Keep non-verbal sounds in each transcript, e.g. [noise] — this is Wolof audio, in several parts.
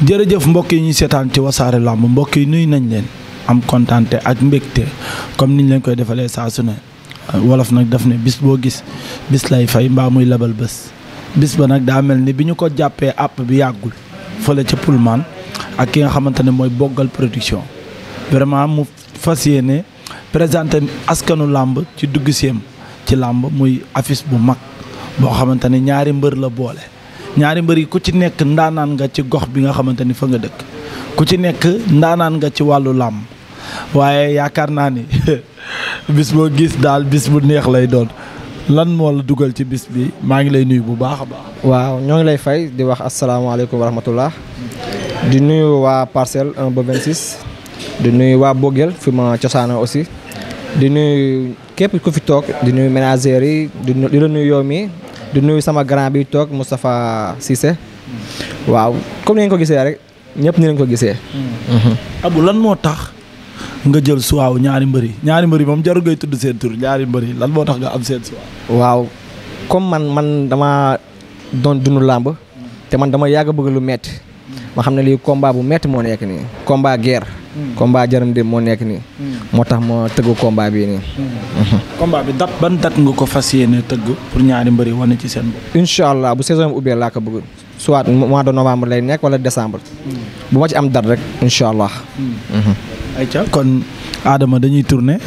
jërëjëf mbokk yi ñuy seetaan ci wasaare làmb mbokk yi nuyu nañ leen am kontaante ak mbégte comme niñ leen koy defalee saa su wolof nag daf ne bis boo gis bis lay fay mbaa muy labal bés bis ba nag daa mel ni bi ñu ko jàppee àpp bi yàggul fële ca Pullman ak ki nga xamante ne mooy boggal production vraiment mu fas yéene présenté askanu làmb ci dugg séem ci làmb muy affiche bu mag boo xamante ne ñaari mbër la boole ñaari mbër yi ku ci nekk ndaanaan nga ci gox bi nga xamante ni fa nga dëkk ku ci nekk ndaanaan nga ci wàllu làmb waaye yaakaar naa ni [laughs] bis boo gis daal bis bu neex lay doon lan moo la dugal ci bis bi maa ngi lay nuyu bu baax a baax. waaw ñoo ngi lay fay di wax asalaamaaleykum wa rahmatullah di nuyu waa parcelle 1 di nuyu waa Boguel fi ma cosaanoo aussi di nuyu képp ku fi toog di nuyu ménagères yi di la nuyu yow mi di nuyu sama grand bi toog Moustapha sise waaw comme ni ngeen ko gisee rek ñëpp ni ngeen ko gisee. Mm. Abou lan moo tax nga jël suwaaw ñaari mbëri ñaari mbëri moom jarul ngay tudd seen tur ñaari mbëri lan moo tax nga am seen suwaaw. waaw comme man man dama doon dund làmb te man dama yàgg bëgg lu metti ma xam ne lii combat bu metti moo nekk nii combat guerre. Mm. combat jaram dem moo nekk nii. Mm. moo tax ma tëgg combat bii nii. Mm. Mm-hmm. combat bi dat ban dat nga ko fas yéene tëgg pour ñaari mbëri wane ci seen bopp. incha allah bu saison bi ubbee laa ko bëgg soit mois de novembre lay nekk wala décembre. bu ma ci am dat rek incha allah. Mm-hmm. ayca kon Adama dañuy tourner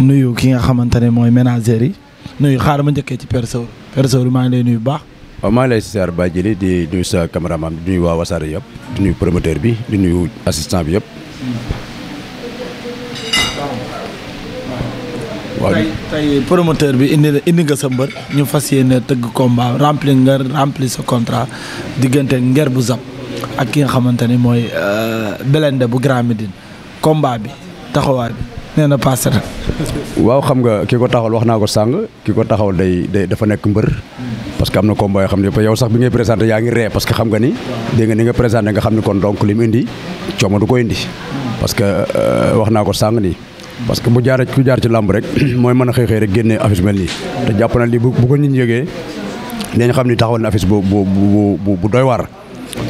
nuyu ki nga xamante ne mooy ménagères yi nuyu xaaral ma njëkkee ci Père Sow Père Sow maa ngi lay nuyu baax. waaw maa ngi lay siyaar Ba Jili di nuyu sa caméraman di yëpp di nuyu promoteur bi di nuyu assistant bi yëpp. waaw tey tey promoteur bi indi indi nga sa ñu fas yéene tëgg combat rempli nga rempli sa contrat diggante nger bu zap ak ki nga xamante ni mooy euh, Belende bu Grand Médine combat bi bi nee na passé na. waaw xam nga ki ko taxawal wax naa ko sàng ki ko taxawal day day dafa nekk mbër. parce que am na combat yoo xam ne yow sax bi ngay présenté yaa ngi ree parce que xam nga ni. dégg nga ni nga présenté nga xam ni kon donc li indi. coomo du ko indi parce que euh, wax naa ko sàng nii parce que bu jaaree ku jaar ci làmb rek [clears throat] mooy mën a xëy xëy rek génne affiche mel nii te jàpp na lii bu bu ko nit yëgee dañ xam ni taxawal na affiche bu bu bu bu doy war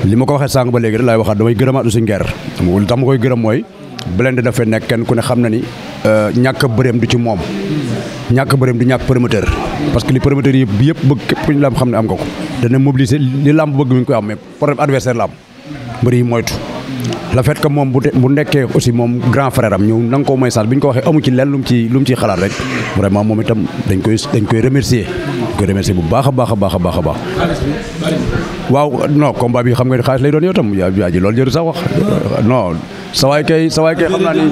li ma ko waxee sàng ba léegi rek laay waxaat damay gërëmaat Usu Ngeer li tax ma koy gërëm mooy Blindé dafay nekk kenn ku ne xam na ni euh, ñàkk bërëm du ci moom ñàkk bëreem du ñàkk promoteur parce que li promoteur yëpp yëpp bëgg képp ñu làmb xam ne am nga ko dana mobiliser li làmb bëgg mi ngi la am mbër yi le fait que moom bu bu nekkee aussi moom grand frère am ñëw na nga koo message bi ñu ko waxee amu ci lenn lu mu ci lu mu ciy xalaat rek vraiment moom itam dañ koy dañ koy remercier dañ bu baax a baax a baax a baax a baax waaw non combat bi xam nga xaalis lay doon yow tam yaa ji loolu jëru sax wax non sawaay kay sawaay kay xam naa ni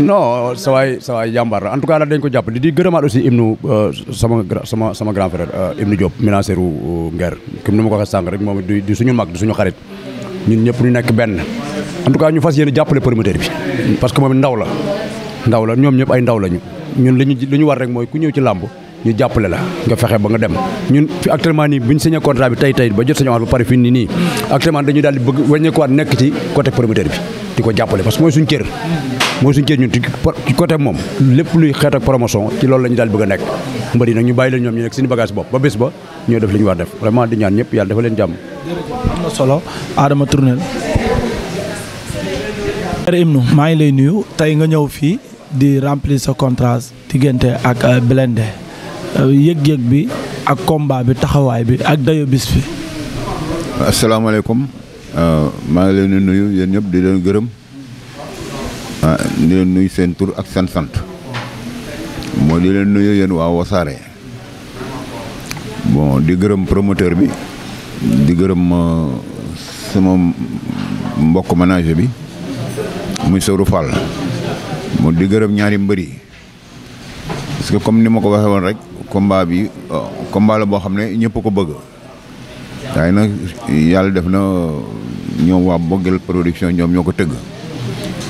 non sawaay sawaay jàmbaar la en tout cas la dañ ko jàpp di di gërëmaat aussi Ibnu euh, sama sama sama grand frère euh, Ibnu Diop ménancéru euh, Nguer comme ni ma ko waxee sànq rek moom du suñu mag suñu xarit ñun ñëpp ñu nekk benn en tout cas ñu fas yéene jàppale promoteur bi parce que moom ndaw la ndaw la ñoom ñëpp ay ndaw lañu ñun li ñu li ñu war rek mooy ku ñëw ci làmb ñu jàppale la nga fexe ba nga dem ñun fi actuellement nii bu ñu signé contrat bi tey tey ba jot sañu avance ba pare fii nii nii actuellement dañuy daal di bëgg wàññeekuwaat nekk ci côté promoteur bi di ko jàppale parce que mooy suñu cër mooy suñu cër ñun ci côté moom lépp luy xeet ak promotion ci loolu la daal bëgg a nekk mbër yi nag ñu bàyyi leen ñoom ñu nekk seen bagage bopp ba bés ba ñoo def li ñu war def vraiment di ñaan ñëpp yàlla solo Adama Tournel imnu maa ngi lay nuyu tey nga ñëw fii di remplir sa contrat diggante ak euh, Blindé euh, yëg-yëg bi ak combat bi taxawaay bi ak dayo bis bi asalaamaaleykum Euh, maa ngi leen di nuyu yéen yëpp di leen gërëm ah leen nuyu seen tur ak seen sant moo di leen nuyu yéen waa Wasaare bon di gërëm promoteur bi di gërëm euh, sama mbokk manager bi muy Sourou Fall moo di gërëm ñaari mbër yi parce que comme ni ma ko waxee woon rek combat bi euh, combat boo xam ne ñëpp ko bëgg waaye nag yàlla def na ñoom waa Boguel production ñoom ñoo ko tëgg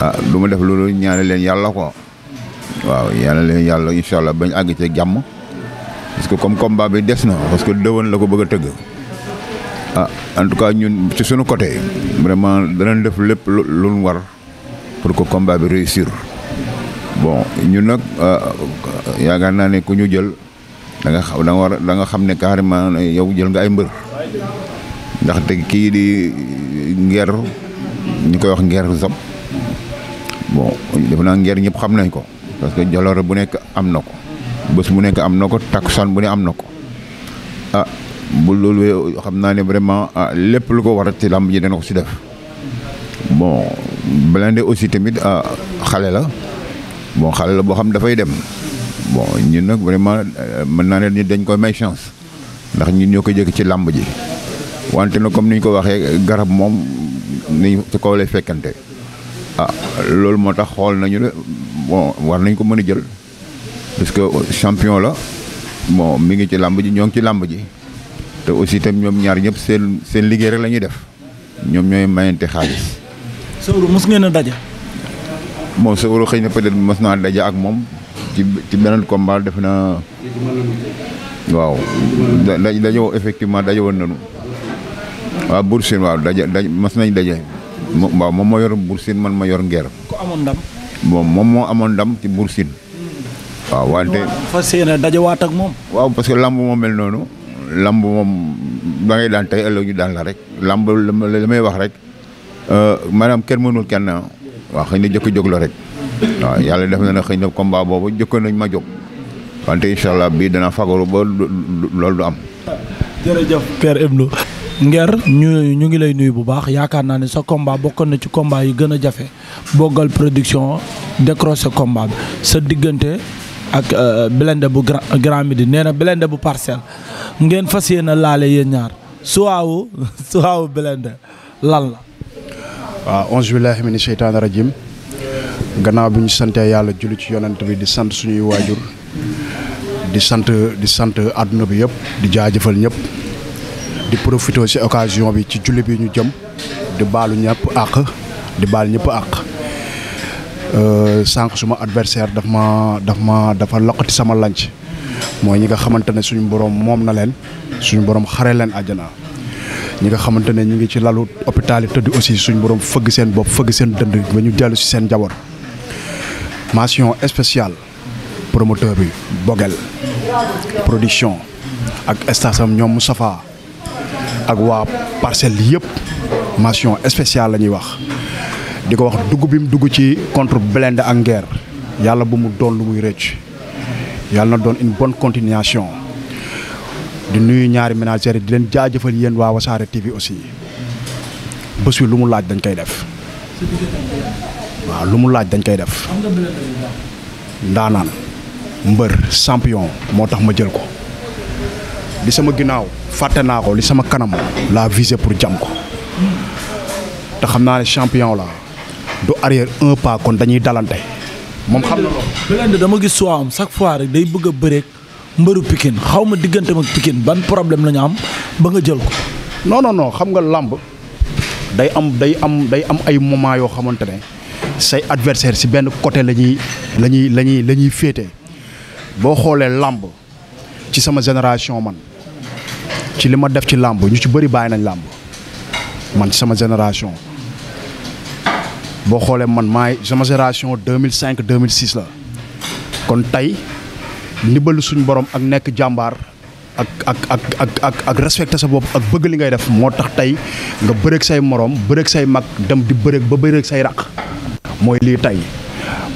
ah lu ma def loolu ñaane leen yàlla ko waaw ñaane leen yàlla incha allah bañ àgg ci jàmm parce que comme combat bi des na parce que dëwan la ko bëgg a tëgg ah en tout cas ñun ci suñu côté vraiment danañ def lépp lu lu war pour que combat bi réussir bon ñun nag ah, yaakaar naa ne ku ñu jël da nga xam da nga da nga xam ne carrément yow jël nga ay mbër ndaxte kii di ngeer ñu koy wax ngeer zam bon defe naa ngeer ñëpp xam nañ ko parce que jaloore bu nekk am na ko bës bu nekk am na ko takkusaan bu ne am na ko ah bu loolu xam naa ne vraiment ah, lépp lu ko war a ci làmb ji dana ko si def bon Blindé aussi tamit ah, xale la bon xale la boo xam dafay dem bon ñun nag vraiment mën naa ne nit dañ koy may chance ndax ñu ñoo ko jëkk ci làmb ji wante na comme ni ko waxee garab moom ni ci kaw lay fekkante ah loolu moo tax xool nañu ne bon war nañ ko mën a jël parce que champion la moo mi ngi ci làmb ji ñoo ngi ci làmb ji te aussi tam ñoom ñaar ñëpp seen seen liggéey rek lañuy def ñoom ñooy mayante xaalis. Sowru mos ngeen a daje. moom Sowru xëy na peut-être mos naa daja ak moom ci ci beneen combat def na waaw da daje effectivement daje woon nañu. waaw Bour Sine waaw daje mas nañ daje waaw moom moo yor Bour Sine man ma yor ngeer ko amoon ndam moom moom moo amoon ndam ci Bour Sine waaw wante fas yéene dajewaat ak moom waaw parce que lamb moo mel noonu lamb moom da ngay daan tey ëllëg ñu daan la rek lamb li may wax rek euh, maanaam kenn mënul kenn ah. waaw xëy ne jëkk jóg la rek waaw yàlla def na ne xëy na combat boobu jëkkoon nañ ma jóg wante incha allah bii dana fagaru ba loolu du am Nguer ñu ñu ngi lay nuyu bu baax yaakaar naa ni sa combat bokkoon na ci combat yi gën a jafe boggal production décroché combat bi sa diggante ak euh, Blindé bu Grand Midi nee na bu Parcelles ngeen fas yéene laale yéen ñaar suwaawu [laughs] suwaawu Blindé lan la. waaw onze billahi mini seytaani rajim gannaaw bi ñu santee yàlla julli ci yonent bi di sant suñuy waajur di sant di sant àdduna bi yëpp di jaajëfal ñëpp. di profité ci occasion bi ci julli bi ñu jëm di baalu ñëpp àq di baal ñëpp àq euh, sànq suma adversaire daf ma daf ma dafa loqati sama lanc mooy ñi nga xamante ne suñu borom moom na leen suñu borom xare leen àjjana ñi nga xamante ne ñu ngi ci lalu hôpital yi tëdd aussi suñu borom fëgg seen bopp fëgg seen dënd ba ñu dellu si seen njaboot massion spéciale promoteur bi Bogel production ak station ñoom Moustapha ak waa parcelle yëpp mention spéciale la ñuy wax di ko wax dugg bi mu dugg ci contre Blindé ak Nguer yàlla bu mu doon lu muy rëcc yàlla na doon une bonne continuation di nuyu ñaari ménagères yi di leen jaajëfal yéen waa Wassare TV aussi bés wi lu mu laaj dañ koy def waaw lu mu laaj dañ koy def ndaanaan mbër champion moo tax ma jël ko li sama ginnaaw fàtte naa ko li sama kanam laa visé pour jam ko te xam naa ne champion la du arrière un pas kon dañuy dalante moom xam na loolu dama gis soo am chaque fois rek day bëgg a bëreek mbëru Pikine xaw ma diggante ak Pikine ban problème la ñu am ba nga jël ko non non non xam nga làmb day am day am day am ay moment yoo xamante ne say adversaire si benn côté la ñuy lañuy la ñuy la féete boo xoolee làmb ci sama génération man ci li ma def ci làmb ñu ci bëri bàyyi nañ làmb man ci sama génération boo xoolee man maay sama génération 2005 2006 la kon tey ndimbalu suñu borom ak nekk jàmbaar ak ak ak ak ak ak ak bëgg li ngay def moo tax tey nga bëreeg say moroom bëreeg say mag dem di bëreeg ba bëreeg say raq mooy lii tey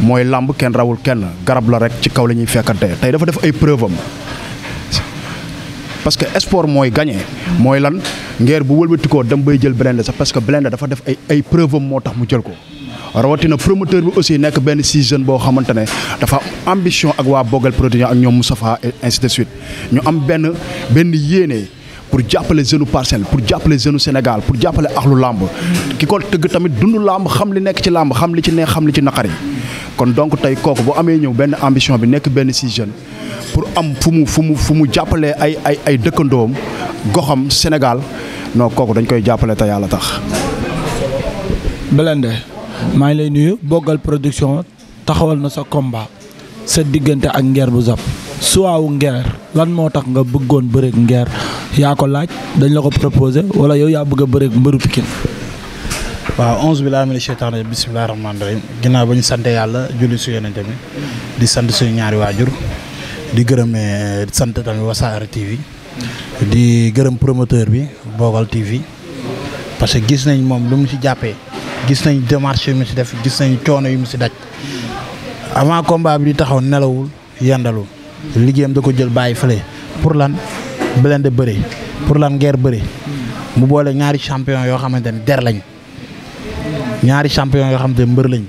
mooy làmb kenn rawul kenn garab la rek ci kaw la ñuy fekkante tey dafa def ay preuve am parce que sport mooy gagné mooy lan ngeer bu wëlbatikoo dem bay jël Blindé sax parce que Blindé dafa def ay ay preuve moo tax mu jël ko. rawatina promoteur bi aussi nekk benn si jeune boo xamante ne dafa ambition ak waa Bogal production ak ñoom Moustapha et ainsi de suite ñu am benn benn yéene. pour jàppale jeune parcelle pour jàppale jeune Sénégal pour jàppale axlu làmb ki ko tëgg tamit dund làmb xam li nekk ci làmb xam li ci neex xam li ci naqari kon donc tey kooku bu amee ñëw benn ambition bi nekk benn si jeune pour am fu mu fu mu fu mu jàppalee ay ay ay dëkkandoom goxam Sénégal noo kooku dañ koy jàppale te yàlla tax. Blindé maa ngi lay nuyu Bogal production taxawal na sa combat sa diggante ak ngeer bu Zap. suwaawu Nguer lan moo tax nga bëggoon bëreeg Nguer yaa ko laaj dañ la ko proposé wala yow yaa bëgg a bëreeg mbëru Pikine. waaw onze billahi mina sheytaani rajiim bismillahi rahmaani rahiim ginnaaw ba ñu sant yàlla julli su yeneen tamit di sant suñu ñaari waajur di gërëmee eh, sant tamit wasaare TV di gërëm promoteur bi Bogal TV parce que gis nañ moom lu mu ci jàppee gis nañ démarche yu mu ci def gis nañ coono yu mu ci daj avant combat bi di taxaw nelawul yendalul liggéeyam da ko jël bàyyi fële pour lan de bëre pour la guerre bëre mu boole ñaari champion yoo xamante ne der lañ ñaari champion yoo xamante ne lañ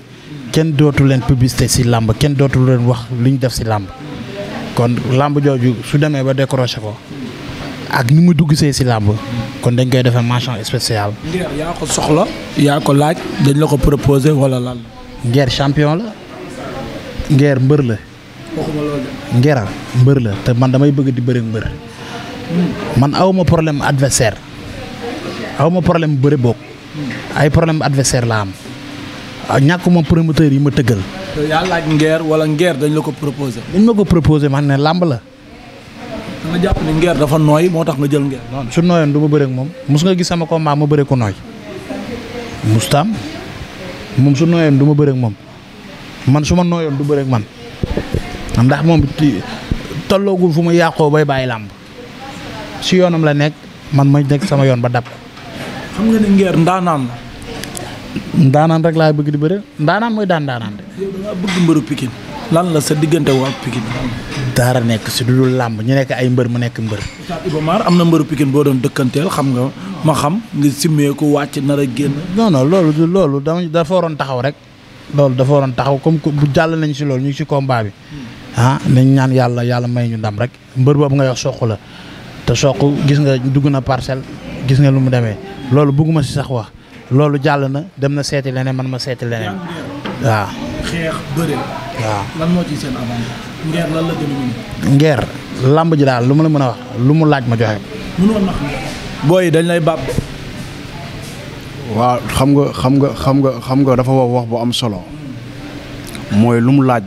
kenn dootu leen publicité si làmb kenn dootu leen wax lu ñu def si làmb kon làmb jooju su demee ba décroché ko ak ni mu dugg see si làmb kon dañ koy defee mention spéciale. Nguer yaa ko soxla. yaa ko laaj dañ la ko proposé wala lan. Nguer champion la. Nguer mbër la. waxuma loolu de. mbër la te man damay bëgg di bëri mbër. man awma problème adversaire awma problème bëre boog ay problème adversaire la am ah, ma promoteur yi ma tëggal. yaa laaj wala ngeer dañ la ko proposé. dañ ma ko proposé man ne làmb la. da ngeer dafa nooy moo tax nga jël ngeer. non su nooyoon du ma bëreeg moom mos nga gis sama combat ma bëreeg ko nooy. mustaam moom su nooyoon du ma bëreeg moom man su ma nooyoon du bëre man ndax moom tolloogul fu ma yàqoo bay bàyyi làmb si yoonam la nekk man ma nekk sama yoon ba dab ko. ndaanaan la. ndaanaan rek laay bëgg di bëre ndaanaan mooy daan ndaanaan de. yow da mbëru pikin lan la sa diggante waa Pikine. dara nekk si lu dul làmb ñu nekk ay mbër mu nekk mbër. Iba Mar na mbëru Pikine boo doon dëkkanteel xam nga ma xam nga simmeeku wàcc nar a génn. non non loolu loolu dafa waroon taxaw rek. loolu dafa waroon taxaw comme bu jàll nañ si loolu ñu si combat bi. Hmm. ah nañ ñaan yàlla yàlla may ñu ndam rek mbër boobu nga wax soq te soq gis nga dugg na parcelle gis nga lu mu demee loolu bëgguma ci sax wax loolu jàll na dem na seeti leneen man ma seeti leneen. waaw. xeex ngeer làmb ji daal lu ma la mën a wax lu mu laaj ma joxe. mënoon na xam ne. booy dañ lay bàbb. waaw xam nga xam nga xam nga xam nga dafa wax wax bu am solo mooy lu mu laaj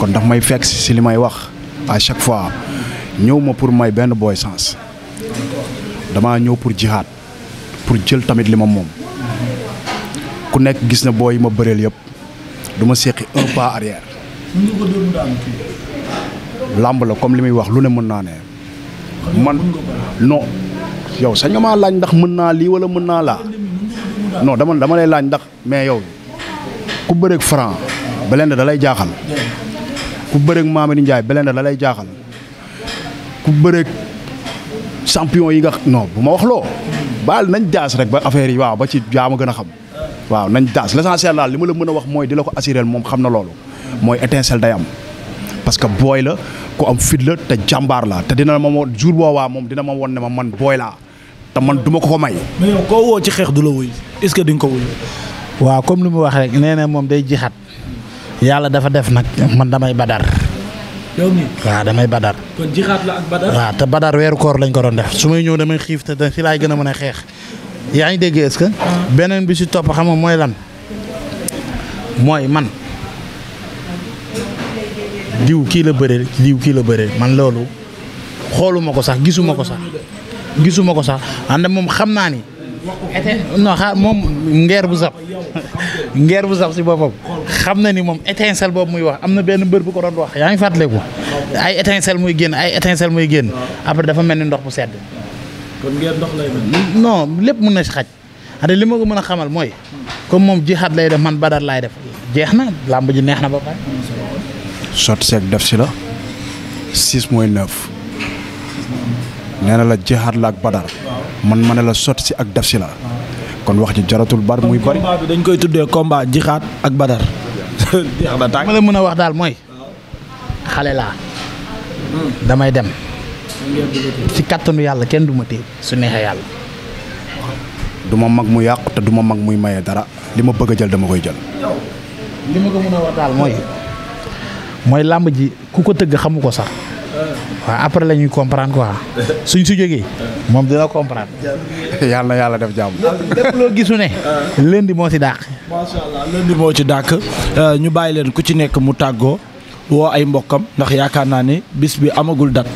kon ndax may fekk si li may wax. à chaque fois ñëw ma pour may benn booy sens damaa ñëw pour jihaat pour jël tamit li ma moom ku nekk gis na booy yi ma bëreel yëpp du ma seqi un pas làmb la comme li muy wax lu ne mën naa nee man non yow sañ nga maa laaj ndax mën naa lii wala mën naa laa non dama dama lay laaj ndax mais yow ku bëreeg franc ba leen da lay jaaxal. ku bëreeg Mamadou Ndiaye Blindé la lay jaaxal ku bëreeg champion yi nga non bu ma wax loo baal nañ daas rek ba affaire yi waaw ba ci jaam a gën a xam waaw nañ daas l'essentiel daal li ma la mën a wax mooy di la ko assuré moom xam na loolu mooy étincelle day am parce que booy la ku am fit la te jàmbaar la te dina ma woon jour boobaa moom dina ma woon ne ma man booy laa te man duma ko ko may. mais yow koo woo ci xeex du la wuy est-ce ko wuy. waaw comme lu mu wax moom day jixat yàlla dafa def nag man damay badar. yow damay badar. kon te badar weeru koor lañ ko doon def su may ñëw damay xiif te si laay gën a mën a xeex. yaa ngi dégg est ah. beneen bi si topp xam mooy lan mooy man. diw kii la bëreel diw kii la bëreel man loolu xooluma ko sax gisuma ko sax gisuma ko sax ànd moom xam naa ni non moom ngeer bu sab ngeer bu saf si boppam xam na ni moom étincelle boobu muy wax am na benn mbër bu ko doon wax yaa ngi fàttaliku ay étincelle muy génn ay étincelle muy génn après dafa mel ni ndox bu sedd no lépp mun na si xaj ade li ma ko mën a xamal mooy comme moom jihaad lay def man badar lay def jeex na làmb ji neex na ba pare sot seeg def si la six mooy neuf nee na la jihaad laa ak badar man ma ne la sot si ak def si la kon wax ji jaratul bar muy bari. dañ koy tuddee combat jixaat ak badar. [laughs] ma la mën a wax daal mooy. xale laa. damay dem. ci kàttanu yàlla kenn du ma téye su neexee yàlla. du ma mag mu yàqu te du ma mag muy maye dara li ma bëgg a jël dama koy jël. li ma ko mën wax daal mooy. mooy làmb ji ku ko tëgg xamu ko sax. waaw après la ñuy comprendre quoi [laughs] suñ su jógee moom dina comprendre. [laughs] yàlla na yàlla def jàmm. lépp loo gisu ne. [laughs] lundi moo ci dàq. macha moo ci dàq euh, ñu bàyyi leen ku ci nekk mu tàggoo woo ay mbokkam ndax yaakaar naa ne bis bi amagul dat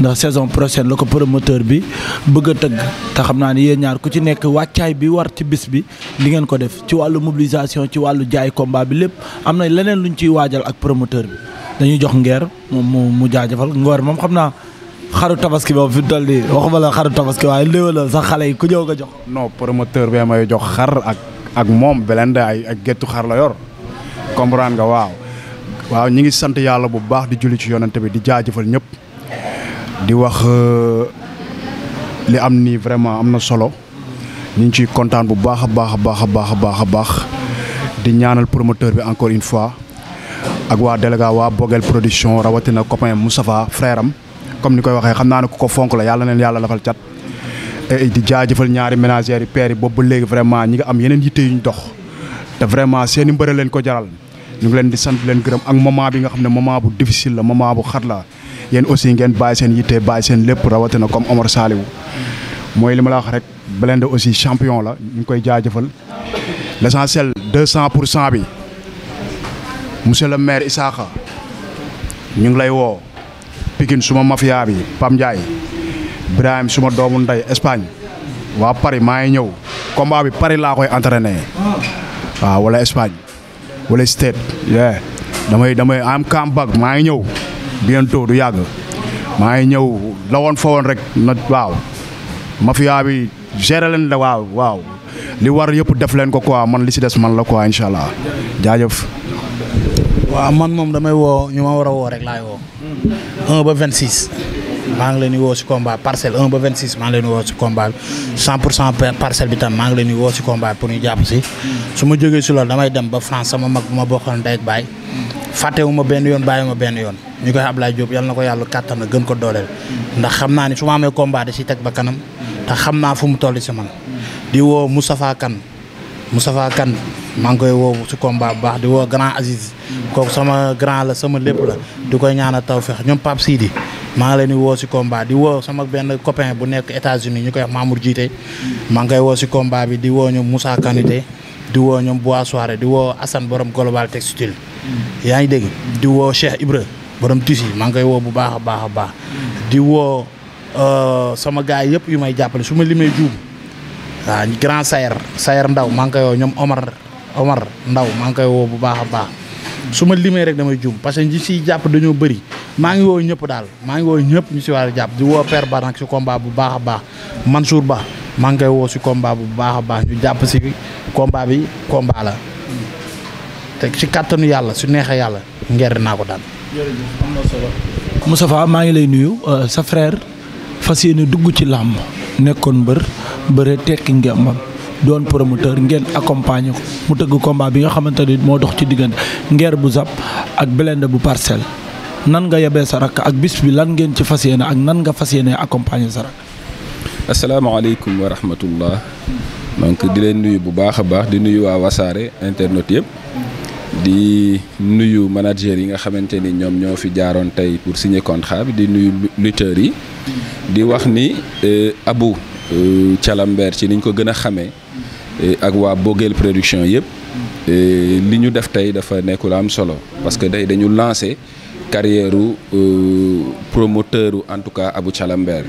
ndax saison prochaine la ko promoteur bi bëgg a tëgg te xam naa ne yéen ñaar ku ci nekk wàccaay bi war ci bis bi li ngeen ko def ci wàllu mobilisation ci wàllu jaay combat bi lépp am na leneen luñ ciy waajal ak promoteur bi. dañuy jox ngeer moom mu jaajëfal ngoor moom xam naa xaru tabaski boobu fi mu toll nii waxuma la xaru tabaski waaye léewalal sax xale yi ku ñëw nga jox. non promoteur bee may jox xar ak ak moom Blindé ay ay géttu xar la yor comprendre nga waaw. waaw ñi ngi sant yàlla bu baax di julli ci yonent bi di jaajëfal ñëpp di wax euh, li am nii vraiment am na solo ñu ngi ciy kontaan bu baax a baax a baax a baax a baax di ñaanal promoteur bi encore une fois. ak waa délégat waa Bogel production rawatina copain Moustapha frère comme ni koy waxee xam naa ne ku ko fonk la yàlla neen yàlla lafal cat e, e, di jaajëfal ñaari ménagères yi père yi boobu léegi vraiment ñi nga am yeneen yitte yu ñu dox te vraiment seen i mbëre leen ko jaral ñu ngi leen di sant leen gërëm ak moment bi nga xam ne moment bu difficile la moment bu xat la yéen aussi ngeen bàyyi seen yitte bàyyi seen lépp rawatina comme Omar Saliou mooy li ma la wax rek Blindé aussi champion la ñu ngi koy jaajëfal l'essentiel 200 pour cent bi. monsieur le maire Isaaxa ñu ngi lay woo pikin suma mafia bi Pam Ndiaye Ibrahim suma doomu ndey Espagne waa Paris maa ngi ñëw combat bi Paris laa koy entraîné waaw wala Espagne wala state yeah damay damay am camp back maa ngi ñëw bientôt du yàgg maa ngi ñëw la woon fa woon rek na waaw mafia bi géré leen la waaw li war yëpp def leen ko quoi man li si des man la quoi incha allah jaajëf. waaw man moom damay woo ñu ma war a woo rek laay woo. 1 hmm. ba 26. maa ngi leen di woo si combat parcelle 1 ba 26 maa ngi leen di woo si combat bi 100 pour cent parcelle bi tam maa ngi leen woo si combat pour ñu jàpp si. Hmm. su ma jógee si loolu damay dem ba France sama mag bu ma bokkoon ndey baay. Hmm. fàttewu benn yoon bàyyi ma benn yoon ñu koy Ablaye Diop yal na ko yàlla kàttan gën ko dooleel. ndax xam naa ne su ma amee combat da si teg ba kanam. te xam naa fu mu toll si man. maa ngi koy woo si combat bu baax di woo grand Aziz kooku sama grand la sama lépp la di koy ñaana taw tawfeex ñoom Pape Sidi maa ngi leen woo si combat di woo sama benn copain bu nekk États-Unis ñu koy wax Mamour Jiite maa ngi koy woo si combat bi di woo ñoom Moussa Kanité di woo ñoom Bois Soirée di woo Assane borom Global Textile yaa ngi dégg di woo Cheikh Ibra borom Tissu maa ngi koy woo bu baax a baax a baax di woo euh, sama gars yëpp yu may jàppale su ma limee juum waa grand Sayer Sayer Ndaw maa ngi koy woo ñoom Omar Omar Ndaw maa ngi koy woo bu baax a baax su ma limee rek damay jum parce que ñi siy jàpp dañoo bari maa ngi woo ñëpp daal maa ngi woo ñëpp ñu si war a jàpp di woo Père Ba nag si combat bu baax a baax Mansour Ba maa ngi koy woo si kombaa bu baax a baax ñu jàpp si combat bi combat la te si kàttanu yàlla su neexee yàlla ngeer naa ko daal. jërëjëf maa ngi lay nuyu euh, sa frère fas yéene dugg ci làmb nekkoon mbër bëre tekki ngëmam doon promoteur ngeen accompagner ko mu tëgg combat bi nga xamante ni moo dox ci diggante Nguer bu Zap ak Blindé bu parcelle nan nga yebee sa rakk ak bis bi lan ngeen ci fas yéene ak nan nga fas yéene accompagner sa rakk. asalaamaaleykum wa rahmatullah donc di leen nuyu bu baax a baax di nuyu waa wasaare internet yëpp. di nuyu manager yi nga xamante ni ñoom ñoo fi jaaroon tey pour signer contrat bi di nuyu lutteurs yi di wax ni euh, Abou Calamber euh, ci niñ ko gën a xamee ak waa Boguel production yëpp li ñu def tey dafa nekkul am solo parce que tey dañu lancé carrière euh, promoteur en tout cas abu Calamber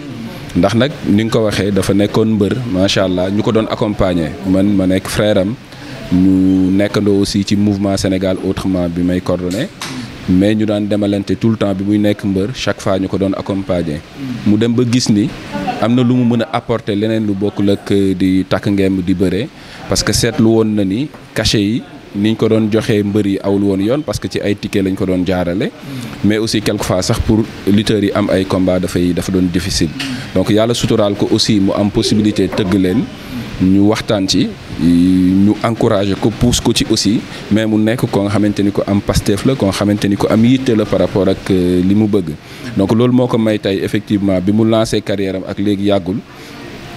ndax nag ni nga ko waxee dafa nekkoon mbër macha allah ñu ko doon accompagner man ma nekk frère am ñu nekkandoo aussi ci mouvement Sénégal autrement bi may coordonné mais ñu daan demalante tout le temps bi muy nekk mbër chaque fois ñu ko doon accompagner. mu dem ba gis ni am na lu mu mën a apporter leneen lu bokkul ak euh, di takk ngemb di bëree parce que seetlu woon na ni cachet yi. ni ñu ko doon joxee mbër yi awul woon yoon parce que ci ay ticket lañ ko doon jaarale. mais aussi quelque fois sax pour lutteurs yi am ay combat dafay dafa doon difficile. donc yàlla suturaal ko aussi mu am possibilité tëgg leen. ñu waxtaan ci ñu encourager ko pousse ko ci aussi mais mu nekk ko nga xamante ni ko am Pastef la ko nga xamante ni ko am yitte la par rapport ak euh, li mu bëgg donc loolu moo ko may tey effectivement bi mu lancé carrière am ak léegi yàggul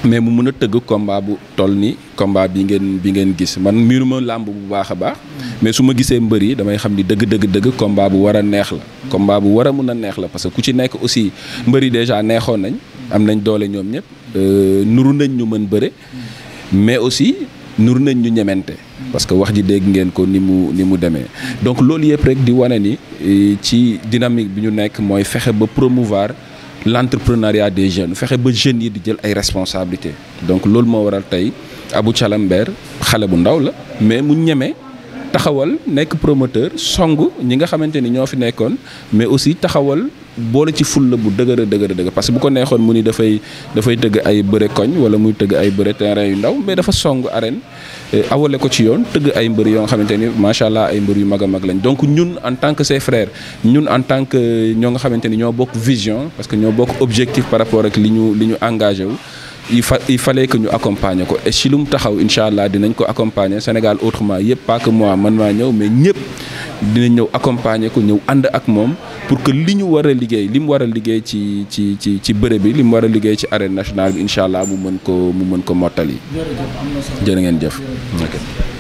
mais mu mën a tëgg combat bu toll ni combat bi ngeen bi ngeen gis man miinu ma làmb bu baax a baax mais su ma gisee mbër yi damay xam ni dëgg dëgg dëgg combat bu war a neex la combat bu war a mun a neex la parce que ku ci nekk aussi mbër yi déjà neexoon nañ am nañ doole ñoom ñëpp euh, nuru nañ ñu mën bëre mais aussi nur nañ ñu ñemente parce que wax ji dégg ngeen ko ni mu ni mu demee donc loolu yëpp rek di wane ni eh, ci dynamique bi ñu nekk mooy fexe ba promouvoir l'entrepreneuriat des jeunes fexe ba jeunes yi di jël ay responsabilités donc loolu moo waral tey abu Calambert xale bu ndaw la mais mu ñeme taxawal nekk promoteur song ñi nga xamante ni ñoo fi nekkoon mais aussi taxawal boole ci fulla bu dëgër dëgër dëgër parce que bu ko neexoon mu ni dafay dafay tëgg ay bëre koñ wala muy tëgg ay bëre terrain yu ndaw mais dafa song arène eh, awale ko ci yoon tëgg ay mbër yoo nga xamante ni macha allah ay mbër yu mag a mag lañ donc ñun en tant que ses frères ñun en tant que ñoo nga xamante ni ñoo bokk vision parce que ñoo bokk objectif par rapport ak li ñu li engagé wu il fa il fallait ñu accompagner ko et si taxaw incha allah dinañ ko accompagner Sénégal autrement yëpp pas que man maa ñëw mais ñëpp dinañ ñëw accompagner ko ñëw ànd ak moom pour que li ñu war a liggéey li mu war a liggéey ci ci ci ci bërëb bi li mu war a liggéey ci arène nationale bi incha allah mu mën ko mu mën ko mottali. jërë ngeen jëf.